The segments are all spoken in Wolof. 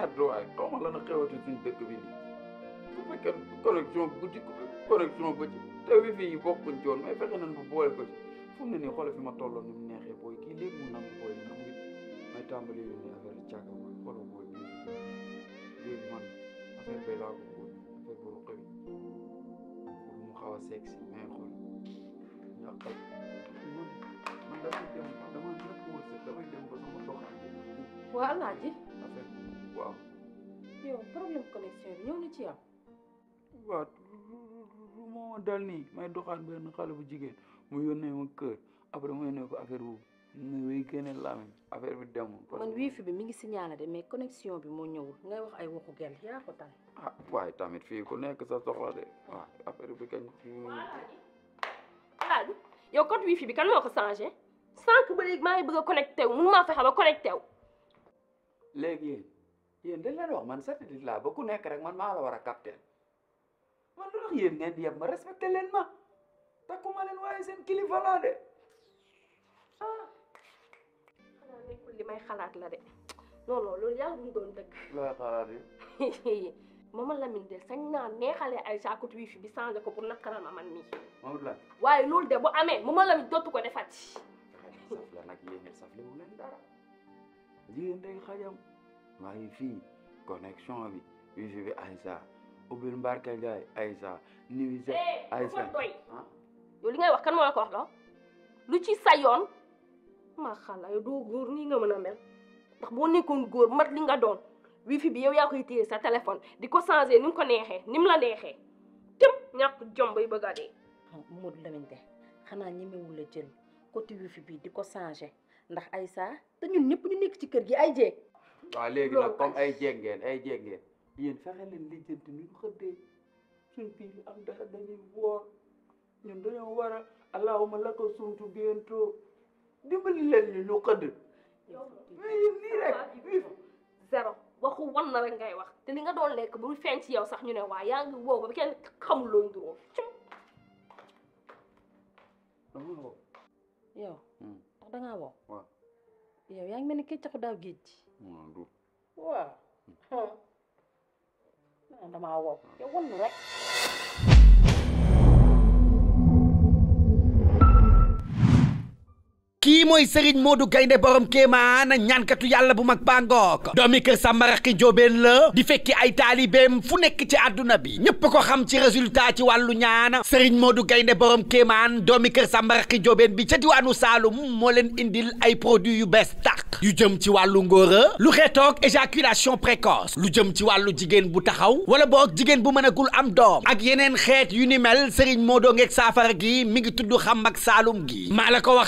merde waaye xaw ma lan a xewati suñ dëkk bi nii bu fekkee connexion guddi connexion ba ci te wifi yi bokkuñ ci woon mais fexe nañ bu boole ko ci fu mu ne nii fi ma tolloon ni mu neexee booy kii léegi mu nangu booy ndax mu ngi may tàmbali yu ne affaire càkka booy xoolal booy bii léegi man affaire bay laa ko booy affaire boobu xëy pour mu xaw a sexy mais xool yàqal man man damay dem damay dem ba sama doxalin. waa Alaaji. waaw. yow problème connexion bi ñëw na ci yow. dal nii may doxaat benn xale bu jigéen mu yónnee ma kër après mu yónnee ko affaire boobu mu wiy génne làmmiñ affaire bi demul. man wifi bi mi ngi signalé de mais connexion bi moo ñëwul ngay wax ay waxu gel yaa ko tal. ah waaye tamit fii ku nekk sa soxla de waaw affaire bi kañ fi mu. alaaji yow code wifi bi ko changé sànq maa ngi bëgg ba connecté wu. léegi. yéen dañ leen wax man satellite laa ba ku nekk rek man maa la war a capter man lu tax yéen ngeen di ma respecté leen ma takkuma leen waaye seen kilifa laa de ah. xanaa nekkul li may xalaat la de non non loolu yàlla duñ doon ma looy xalaat yi. Mama Lamine de sañ naa neexalee ay saakut wifi bi changé ko pour nakaral ma man mii. Mamadou Lamine. waaye loolu de bu ma Mama Lamine dootu ko defati. sa la nag yéen saf la wu leen dara jigéen day xajam. maa ngi fii connexion bi wifi bi Aïssa ubbil Mbarka Ndiaye Aïssa nuyu se eh, ah. li ngay wax kan moo la ko wax loo lu ci sayoon yoon maa doo góor nii nga mën a mel ndax boo nekkoon góor mat li nga doon wifi bi yow yaa koy téye sa téléphone di ko changé ni ko neexee ni mu la neexee tëm ñàkk jom bay bëgg a dee ah, Modou Lamine xanaa ñemewu la jël côté wifi bi di ko changé ndax Aïssa te ñun ñëpp ñu nekk ci kër gi ay jeeg con waaw léegi nag comme ay jeeg ngeen ay jeeg ngeen yéen fexe leen lijjanti nu ñu xëddee suñ biir am dara dañuy woor ñun dañoo war a allahuma la ko sumtu bientôt dimbali leen ñu ñu xëdd mais yéen đi rek zéro waxu wan na rek ngay wax te li nga doon lekk bu feeñ ci yow sax ñu ne waa yaa ngi woo ba kenn xamul looy duróo yow ndax dangaa woo yow yaa ngi mel ni keccaxu daaw géej Wow. Ừ. Nó đau màu quá. À? Cháu quýnh rồi đấy. kii mooy Serigne Modou Gaynde borom kéemaan ñaankatu yàlla bu mag bangook doomi kër Sambaraki Jóobeen la di fekki ay taalibeem fu nekk ci àdduna bi ñépp ko xam ci résultat ci wàllu ñaan Serigne Modou Gaynde borom kéemaan doomi kër Sambaraki Jóobeen bi ca diwaanu Saalum moo leen indil ay produits yu bees tax yu jëm ci wàllu ngóora lu xeetoog éjaculation précoce lu jëm ci wàllu jigéen bu taxaw wala boog jigéen bu mën mënagul am doom ak yeneen xeet yu ni mel Serigne Modou saafara gi mi ngi tudd xam ak Saalum gi ko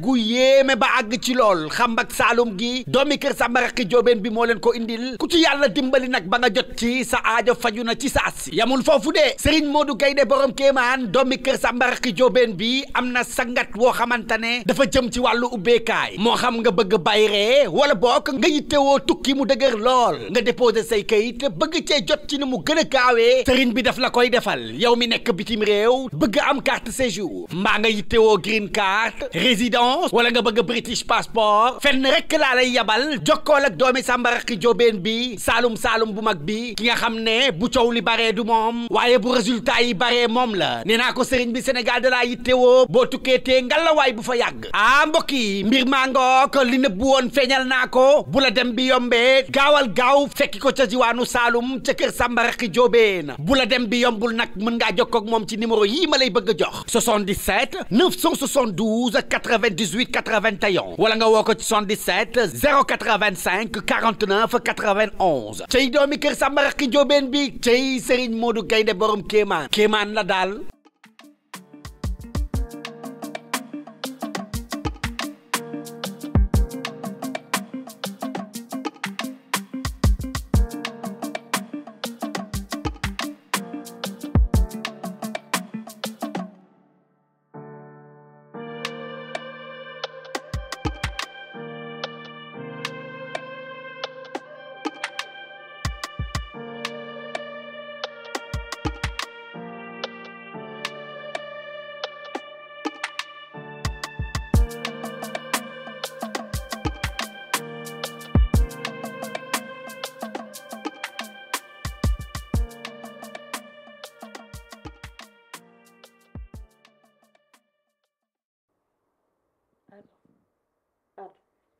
gu yéeme ba àgg ci lool xam saalum gi doomi kër Samba Rakki bi moo leen ko indil ku ci yàlla dimbali nag ba nga jot ci sa aajo faju na ci saas yamul foofu de moo du Gaynde borom kéemaan doomi kër Samba Rakki Joobeen bi am na sangat woo xamante ne dafa jëm ci wàllu ubbeekaay moo xam nga bëgg bayree wala bokk nga yittewoo tukki mu dëgër lool nga déposé say kayit bëgg cee jot ci ni mu gën a gaawee bi daf la koy defal yow mi nekk bitim bëgg am carte séjour licence wala nga bëgg a british passport fenn rek laa lay yabal jokkool ak doomi Samba Rakki Joobeen bi saalum saalum bu mag bi ki nga xam ne bu coow li baree du moom waaye bu résultat yi baree moom la nee naa ko sëriñ bi Sénégal da laa yittewoo boo tukkee tee ngalawaay bu fa yàgg ah mbokk yi mbir maa ngook li nëbbu woon feeñal naa bu la dem bi yombee gaawal gaaw fekki ko ca jiwaanu saalum ca kër Samba Rakki bu la dem bi yombul nag mën ngaa jokkoo ak ci numéro yii ma bëgg a jox 77 972 80 98 81 wala nga woo ko ci 77 085 49 91 cey doomi kër Samba Rakki Joobeen bi cey Serigne Modou Gaynde borom Kéemaan Kéemaan la daal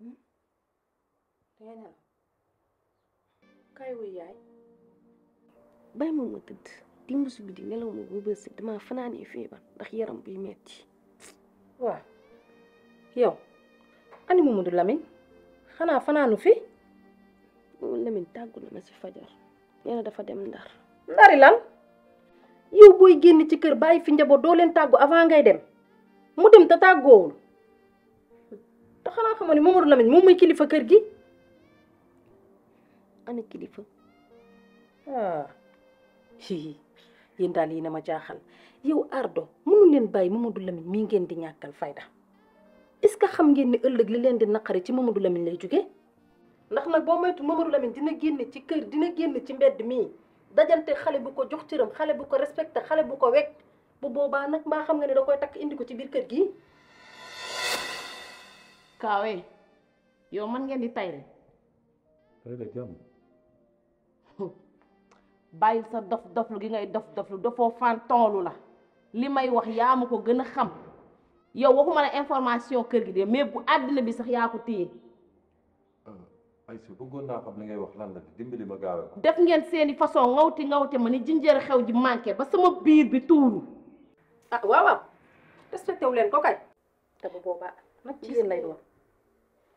dangay nelaw kaay wuy yaay bàyyi moom ma tëdd dimb su guddi nelaw ma ba bës dama fanaanee feebar ndax yaram buy metti waaw yow ani Mamadou Lamine xanaa fanaanu fi Mamadou Lamine tàggu na ma si fajar nee dafa dem ndar ndari lan yow booy génn ci kër bàyyi fi njaboot doo leen tàggu avant ngay dem mu dem te tàggoowul xanaa xamoo ne Mamadou Lamine moom mooy kilifa kër gi ana kilifa ah hi yéen daal yi na ma jaaxal yow Ardo mënu leen bàyyi Mamadou Lamine mii ngeen di ñàkkal fayda est-ce que xam ngeen ni ëllëg li leen di naqari ci Mamadou Lamine lay jóge ndax nag boo moytu Mamadou Lamine dina génn ci kër dina génn ci mbedd mii dajante xale bu ko jox cëram xale bu ko respecter xale bu ko wekk bu boobaa nag baa xam nga ne da koy takk indi ko ci biir kër gi kaawee yow man ngeen di tayal. tey bàyyil sa dof doflu gi ngay dof doflu dofoo fan tonlu la li may wax yaa ma ko gën a xam yow waxuma la information kër gi dee mais bu àddina bi sax yaa ko téye. Euh, ay si bëggoon naa xam li ngay wax lan la dimbali ma gaawee ko. def ngeen seeni façon ngawti ngawte ma ni jinjeer xew ji manqué ba sama biir bi tuuru. ah waaw waaw respecté wu leen ko kay. te bu boobaa nag ci yéen lay doon.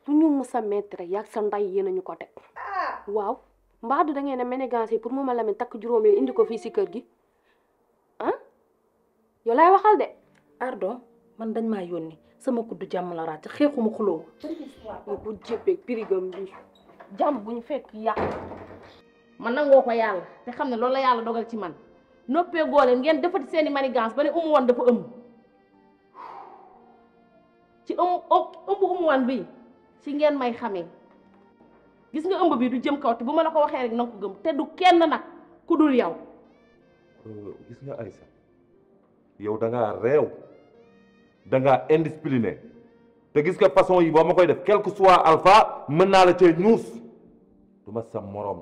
suñu mësa mettre yàgg sa nday yéen nañu ko teg waaw mbaa du da ngeen a ménégance yi pour mu ma Lamine takk juróom yi indi ko fii si kër gi ah yow laay waxal de ardo man dañ maa yónni sama kuddu jàmm la ràcc xeexuma xuloo nga ko jéppeeg pirigam bi jàmm bu ñu fekk yàq man nangoo ko yàlla te xam ne loolu la yàlla dogal ci man noppee gooleen ngeen defati seeni manigance ba umu woon dafa ëmb ci ëmb ëmb umu woon bi ci ngeen may xamee gis nga ëmb bi du jëm kaw te bu ma la ko waxee rek na ko gëm te du kenn nag ku dul yow. Euh, gis nga Aïssa yow da ngaa réew da ngaa indiscipliné te gis nga façon yi boo ma koy def quel que soit alpha mën naa la cee ñuus du aferu sa morom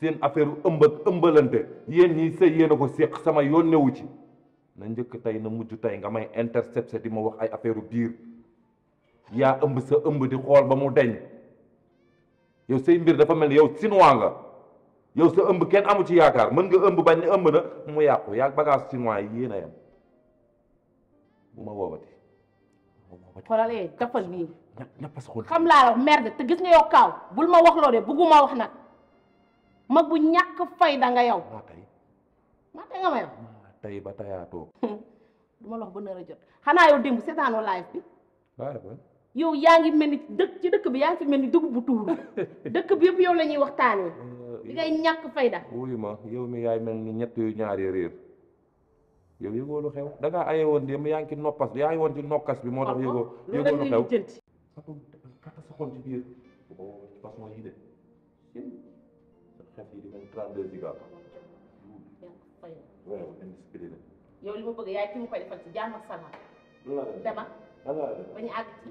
seen affaire ëmb ak ëmbalante yéen ñii sëy yéen a ko séq sama yoon newu ci na njëkk tey na mujj tey nga may intercepté di ma wax ay affaire biir. yaa ëmb sa ëmb di xool ba mu deñ yow say mbir dafa mel ni yow chinois nga yow sa ëmb kenn amu ci yaakaar mën nga ëmb bañ ne ëmb na mu yàqu yaa bagage chinois yi yéen a yem bu ma woobati xoolal ee eh, dafal nii ñappas xool xam laa la wax merde te gis nga yow kaaw bul ma wax loo de bugguma wax nag mag bu ñàkk fayda nga yow maa tey maa tey nga ma yow tey ba tayaatoo du ma la wax ba nar a jot xanaa yow démb seetaanoo live bi yow yaa ngi mel ni dëkk ci dëkk bi yaa ngi fi mel ni dugub bu tuur dëkk bi yëpp yow lañuy ñuy waxtaanee. di ngay ñàkk fayda. wuyu yow mi yaay mel ni ñett yu ñaari réer yow yëgoo lu xew da aye woon démb yaa ngi ci bi moo tax. yëgoo yëgoo lu xew loolu jënti. sa oh, yaay ki mu koy defal ci jàmm ak salaam. àgg ci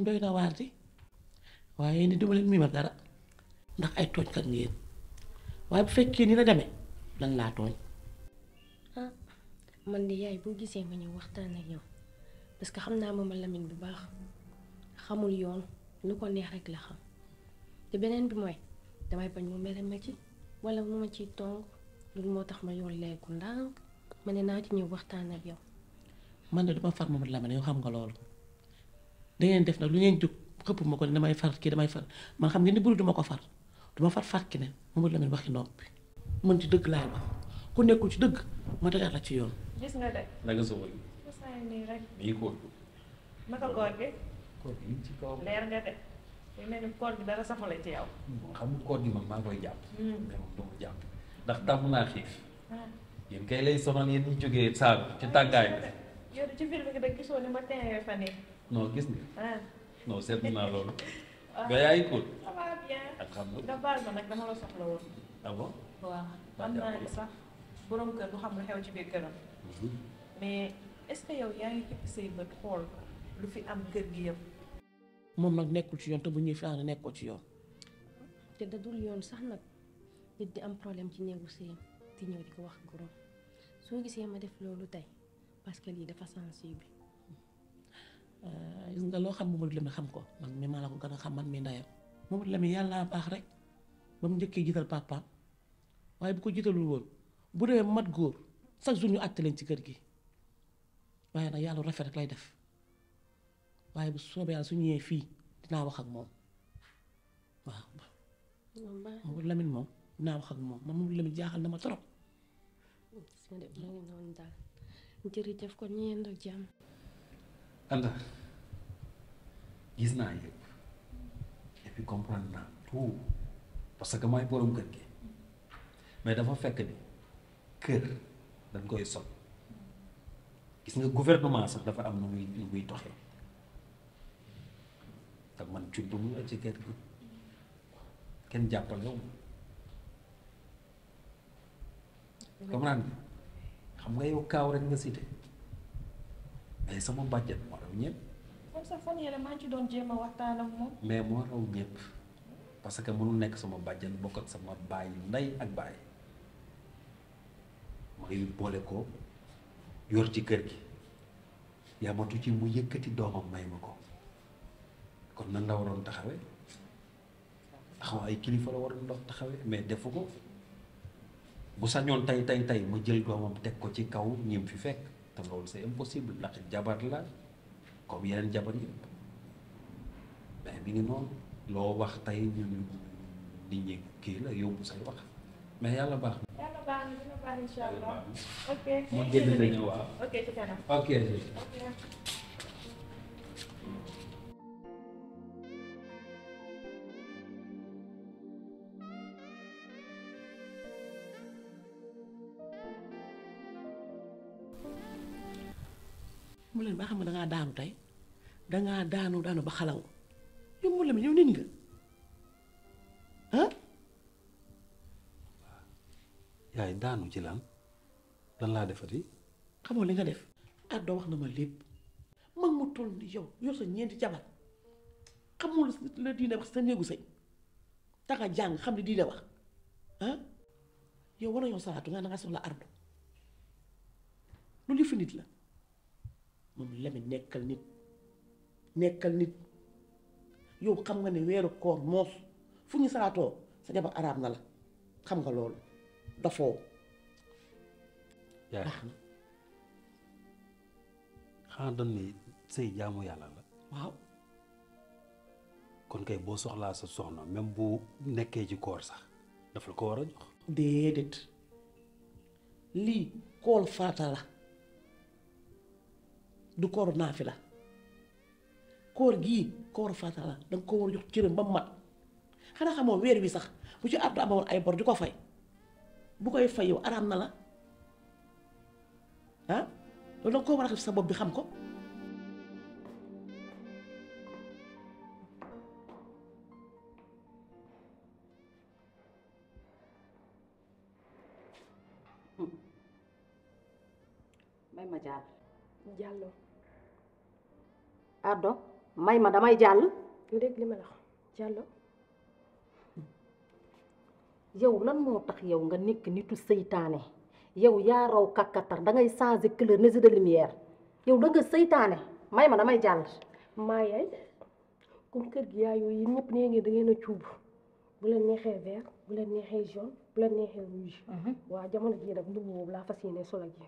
moom doy na waar di waaye yéen duma leen miimal dara ndax ay tooñkat ngeen waaye bu fekkee ni la demee lan laa tooñ ah man de yaay boo gisee ma ñëw waxtaan ak yow parce que xam naa ma ma lamin bu baax xamul yoon lu ko neex rek la xam te beneen bi mooy damay bañ mu mere ma ci wala mu ma ciy tong lu moo tax ma yoon leeku ndànk ma ne naa ci ñëw waxtaan ak yow man de duma far moom Lamine yow xam nga loolu dangeen def nag lu ngeen jóg xëpp ma ko ne damay far kii damay far man xam ngeen ni buri duma ko far duma far far keneen Mamadou Lamine waxi noppi man ci dëgg laay wax ku nekkul ci dëgg ma tegaat la ci yoon. gis nga de. naka sa wër. koor gi. koor gi. koor hmm, maa koy jàpp. Hmm. mais moom du ma jàpp ndax tàmm naa xiif. Ah. yéen kay lay sonal yéen ñu jógee saabu ci tàggaay bi. yow ci film bi da gisoo ni ma teewee fan yii. non gis nga. non seetlu naa loolu. waaw yaa ngi nga baal ma nag dama la soxla woon. ah bon. naa ne sax borom kër du xam lu xew ci biir këram. mais est-ce que yow yaa ngi say bët xool lu fi am kër gi yëpp. moom nag nekkul ci yoon te bu ñuy fi ànd ci yoon. te yoon sax nag nit di am problème ci néegu sëyam te ñëw di ko wax góoram soo gisee ma def loolu tey parce que lii dafa sensible. Euh, gis nga loo xam Mamadou Lamine xam ko man mi maa la ko gën a xam man mi ndayam Mamadou Lamine yàlla baax rek ba mu njëkkee jiital papaam waaye bu ko jiitalul woon bu demee mat góor chaque jour ñu àtte ci kër gi waaye nag yàlla rafet rek def waaye bu su ñëwee fii dinaa wax ak moom waaw. Mamadou Lamine moom dinaa wax ak moom man Mamadou Lamine jaaxal na ma trop. jërëjëf ko ñeent ak jàmm. Anta gis naa yëpp et puis comprendre naa tout parce que maay borom kër gi mais dafa fekk ni kër dañ koy sol gis nga gouvernement sax dafa am nu muy nu muy doxee te man cuntu mu ci kër gi kenn jàppale wu ma. xam nga yow kaaw rek nga cité. mais sama bàjjen moo raw ñëpp. maa ngi ci doon jéem a waxtaan ak mais moo raw parce que mënul nekk sama bàjjen bokk ak sama bàyyi ndey ak bàyyi ma boole ko yor ci kër gi yamatu ci mu yëkkati doomam may ma ko kon nan la waroon taxawe taxawaay kilifa la waroon dox taxawe mais defu ko bu sañoon tey tey tey ma jël doomam teg ko ci kaw ñim fi fekk. te loolu c'est impossible ndax jabar la comme yeneen jabar yëpp mais mi ngi noonu loo wax tey ñu nit ñi kii la yóbbu say wax mais yàlla baax na. yàlla baax na dina baax waaw. mu ba xam nga dangaa daanu tey dangaa daanu daanu ba xalaw yow mu leen nit nga ah yaay daanu ci lan lan laa defati xamoo li nga def àddoo wax na ma lépp mag mu toll ni yow yor sa ñeenti jabar xamul la diine wax sa néegu sëy tax jàng xam ne diine wax ah yow war a yow salaatu nga dangaa soxla ardo loolu yëfu nit la mun lemi nekkal nit nekkal nit yow xam nga ne weeru koor moos fu ñu salaatoo sa jabar araab na la xam nga loolu dafoo yaay xanaa doon ni sëy jaamu yàlla la waaw kon kay boo soxlaa sa soxna même bu nekkee ci koor sax daf la ko war a jox déedéet lii kool farata la du kooru naafi la koor gii kooru farata danga ko war a jox cëram ba mu mat xanaa xamoo weer wi sax bu ci àddu amoon ay bor di ko fay bu koy fay yow araam na la ah loolu danga ko war a sa bopp bi xam ko hmm. may Ardo may ma damay jàll. dégg li ma yow lan moo tax yow nga nekk nitu seytaane yow yaa raw kàkkatar da ngay changé couleur ne de lumière yow da nga seytaane may ma damay jàll. maa yaay comme kër gi yooyu yi ñëpp nee ngeen da ngeen a cuub bu leen neexee vert bu leen neexee jaune bu la neexee rouge. Mhm. waaw jamono jii nag mbubb boobu laa fas yéene solo ji.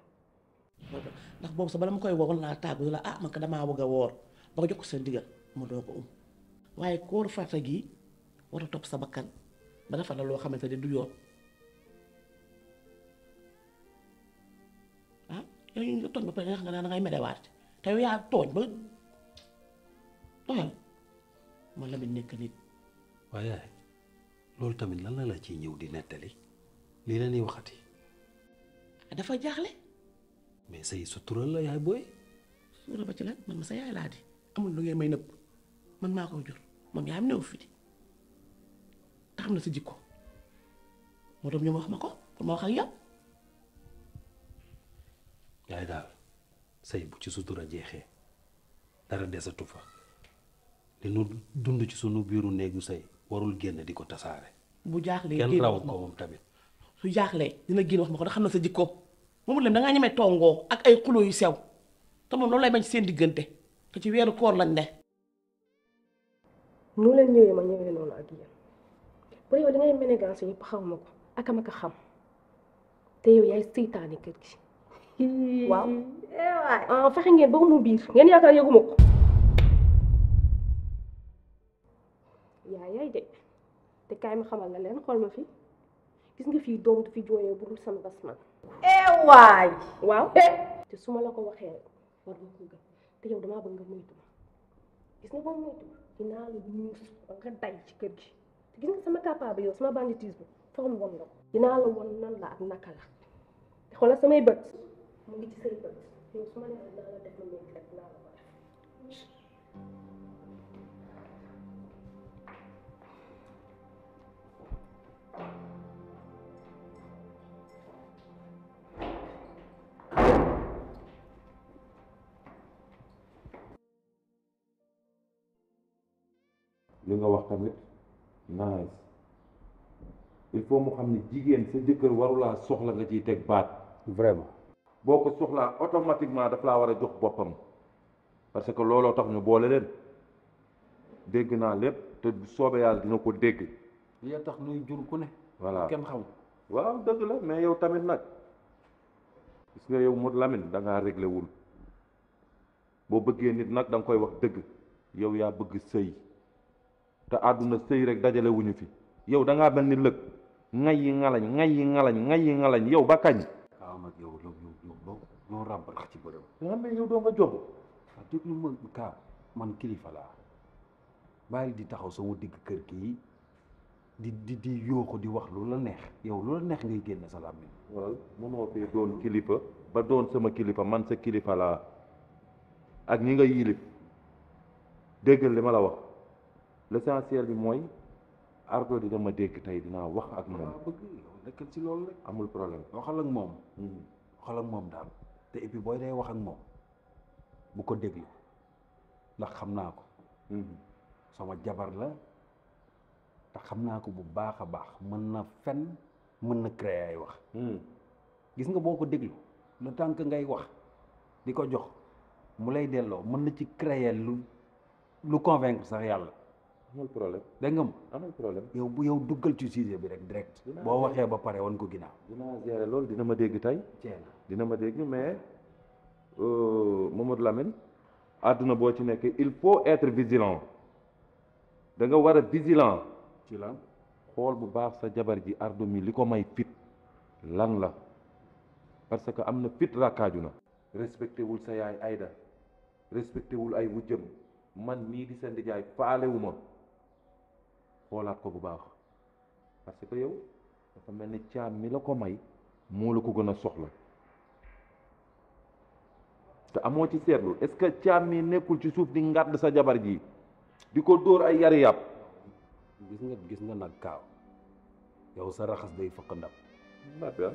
ndax boobu sax bala ma koy woo laa tàggu la ah man ko damaa bëgg a woor. ba nga jox ko sa ndigal mu doo ko um waaye kóor farata gi war topp sa bakkan ba defar la loo xamante ne du yoon ah yow ñu tooñ ba pare nga xam ne da medewaat te yow tooñ ba doyal man la nekk nit. waaye loolu tamit lan la la ci ñëw di nettali lii la ñuy waxati. dafa jaaxle. mais say sutura la yaay booy. sutura ba ci lan man ma sa yaay laa di. amul lu ngeen may nëbb man maa ko jur moom yaa am néew fii te xam na sa jikko moo doom wax ma ko pour ma wax ak bu ci sutura jeexee dara desatu fa li nu dund ci sunu biiru néegu say warul génn di ko tasaare. bu jaaxlee kenn raw ko tamit. su jaaxlee dina génn wax ma xam na sa jikko moom lem da ngaa ñemee tongoo ak ay xulo yu sew te moom loolu lay bañ ci seen diggante. te ci weeru koor lañ ne. nu leen ñëwee ma ñëwee noonu ak yéen pour yow li ngay ménégance yëpp xaw ko ak ma ko xam te yow yaay seytaane kër gi. waaw eh ah fexe ngeen ba mu biir ngeen yaakaar yëguma ko. yaa de te kaay xamal la leen xool ma fi gis nga fii doom du fi jooyee bu dul sama bas man. Eh waay waaw. te su ma la ko waxee war nga ko gëm. te yow damaa bëgg nga moytu ma gis nga boo moytu dinaa la ñuus ba nga day ci kër gi te gis nga sama capable yow sama banditisme foog mu won la ko dinaa la won nan la ak naka la te xoolal samay bët mu ngi ci say bët yow su la def lu muy def dinaa la ko li nga wax tamit nice il faut mu xam ne jigéen sa jëkkër warulaa soxla nga ciy teg baat vraiment boo ko soxlaa automatiquement daf laa war a jox boppam parce que looloo tax ñu boole leen dégg naa lépp te soobee yàlla dina ko dégg li tax nuy jur ku ne voilà kenn xam waaw dëgg la mais yow tamit nag gis nga yow Modou Lamine dangaa ngaa wul boo bëggee nit nag danga koy wax dëgg yow yaa bëgg sëy te aduna sëy rek dajale wuñu fi yow da ngaa mel ni lëg ngay yi ngalañ ngay yi ngalañ ngay yi ngalañ yow ba kañ. waaw nag yow loolu yow yow ñoo ràmbarax ci bërëb. nga xam yow doo nga jóg. waaw déglu ma kaa man kilifa laa bàyyi di taxaw sama digg kër gi di di di yooxu di wax lu la neex yow lu la neex ngay génn sa làmmiñ. waaw mënoo fee doon kilifa ba doon sama kilifa man sa kilifa laa ak ñi nga yilif déggal li ma wax l'essentiel bi mooy ardo argo di dégg tey dinaa wax ak moom bëgg nekkal ci loolu rek amul problème waxal ak mom, hmm. waxal ak moom daal te et puis booy day wax ak moom bu ko déglu ndax xam ko hmm. sama jabar la te xam naa ko bu baax a baax mën na fen mën na créer ay wax hmm. gis nga boo ko le temps ngay wax di ko jox mu lay delloo mën na ci créer lu lu convaincre sax yàlla amul problème dégg nga amul problème yow bu yow duggal ci sujet bi rek direct boo waxee ba pare wan ko ginnaaw dinaa gérer loolu dina ma dégg tey dina ma dégg mais euh, Mamadou Lamine àdduna boo ci nekk il faut être vigilant da nga war a vigilant ci lan xool bu baax sa jabar ji ardu mi li ko may fit lan la parce que am na fit rakkaaju na respecté wul sa yaay ayda respecté wul ay wujjëm man mii di sa ndijaay faalewu ma xoolaat ko bu baax parce que yow dafa mel ni mi la ko may moo la ko gën a soxla te amoo ci seetlu est-ce que caam mi nekkul ci suuf di ngàdd sa jabar ji di ko ay yari yàpp gis nga gis nga nag kaaw yow sa raxas day fëq ndab ndab ah,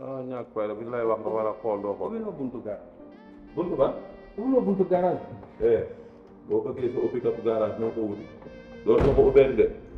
ah ñàkk fay la bi lay wax nga war a xool doo xool. ubbi loo buntu garage. buntu ba ubbi buntu garage. eh boo ëggee sa ubbi katu garage ñoo ko wuti. loolu ma ko ubbeel de